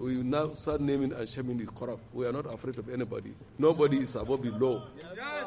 we now start naming and shaming the corrupt. We are not afraid of anybody. Nobody is above the law. Yes.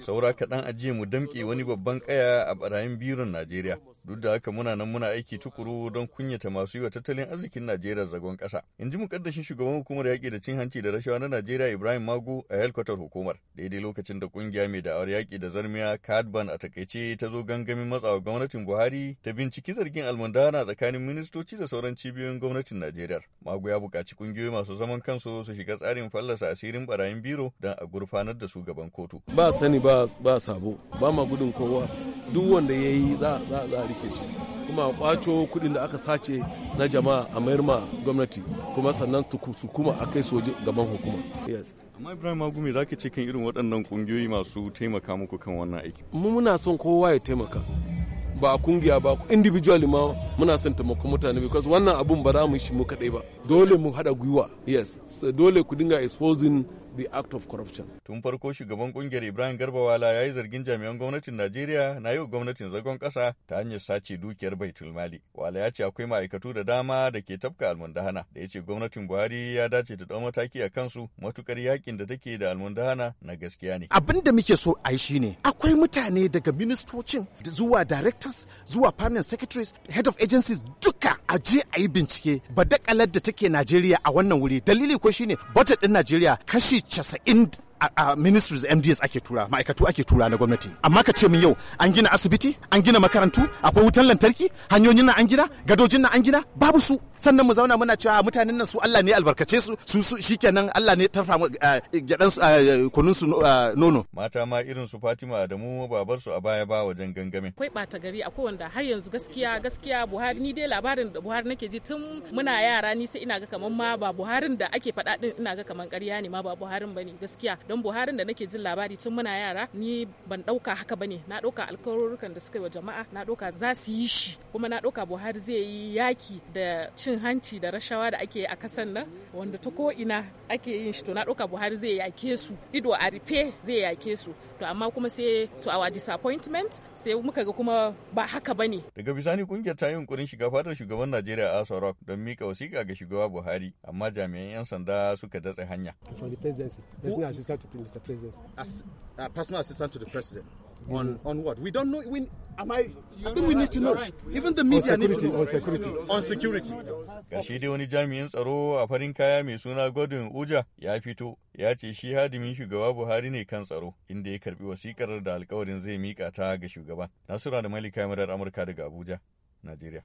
Saura kaɗan ajiye mu damƙe wani babban ƙaya a barayin biron Najeriya. Duk da haka muna nan muna aiki tukuru don kunyata masu yi wa tattalin arzikin Najeriya zagon ƙasa. In ji muƙaddashin shugaban hukumar yaƙi da cin hanci da rashawa na Najeriya Ibrahim Magu a helkwatar hukumar. Daidai lokacin da ƙungiya mai da'awar yaƙi da zarmiya Kadban a takaice ta zo gangamin matsawa gwamnatin Buhari ta binciki zargin almundana tsakanin ministoci da sauran cibiyoyin gwamnatin Najeriya. Magu ya buƙaci ƙungiyoyi masu zaman kansu su shiga tsarin fallasa asirin barayin biro don a gurfanar da su gaban kotu. ba sani ba sabo ba ma gudun kowa duk wanda ya yi za a rike shi kuma a kwaco kudin da aka sace na jama'a a mayar ma gwamnati kuma sannan su kuma a kai soje gaban hukuma amma ibrahim magumi za ka ce kan irin waɗannan ƙungiyoyi masu taimaka muku kan wannan aiki mu muna son kowa ya taimaka ba kungiya ba individually ma muna son taimakon mutane because wannan abun ba za mu shi mu kaɗai ba dole mu hada gwiwa yes dole ku dinga exposing the act of corruption. Tun farko shugaban kungiyar Ibrahim Garbawala ya yi zargin jami'an gwamnatin Najeriya na yau gwamnatin zagon kasa ta hanyar sace dukiyar Baitul Mali. Wala ya ce akwai ma'aikatu da dama da ke tafka almundahana da ya ce gwamnatin Buhari ya dace ta ɗau mataki a kansu matukar yakin da take da almundahana na gaskiya ne. Abin da muke so a yi shine akwai mutane daga ministocin zuwa directors zuwa permanent secretaries head of agencies duka a je a yi bincike ba da take Najeriya a wannan wuri dalili ko shine budget din Najeriya kashi casa'in a ministries MDS ake tura ma'aikatu ake tura na gwamnati amma ka ce min yau an gina asibiti an gina makarantu akwai wutan lantarki hanyoyin nan an gina gadojin nan an gina babu su sannan mu zauna muna cewa mutanen nan su Allah ne albarkace su su shikenan Allah ne tarfa eh, gyadan eh, kunun su eh, nono mata ma irin su Fatima Adamu babar su a baya ba wajen gangamin akwai bata gari akwai wanda har yanzu gaskiya gaskiya Buhari ni dai labarin da Buhari nake ji tun muna yara ni sai ina ga kaman ma ba Buharin da ake faɗa din ina ga kaman ƙarya ne ma ba Buharin bane gaskiya don buharin da nake jin labari tun muna yara ni ban ɗauka haka bane na dauka alkawarurrukan da suka yi wa jama'a na ɗauka za su yi shi kuma na ɗauka buhari zai yi yaki da cin hanci da rashawa da ake yi a kasan nan wanda ta ko ina ake yin shi to na ɗauka buhari zai yake su ido a rufe zai yake su to amma kuma sai to our disappointment sai muka ga kuma ba haka bane daga bisani kungiyar ta yi yunkurin shiga fadar shugaban najeriya a rock don mika wasiƙa ga shugaba buhari amma jami'an 'yan sanda suka datse hanya to please, Mr. President? As uh, personal assistant to the president. Mm-hmm. On on what? We don't know. We, am I? I think we need to know. Even the media need to know. On security. On security. Gashi dai wani jami'in tsaro a farin kaya mai suna Godwin Uja ya fito ya ce shi hadimin shugaba Buhari ne kan tsaro inda ya karbi wasikar da alkawarin zai mika ta ga shugaba. Nasura da Malika Murar Amurka daga Abuja, Najeriya.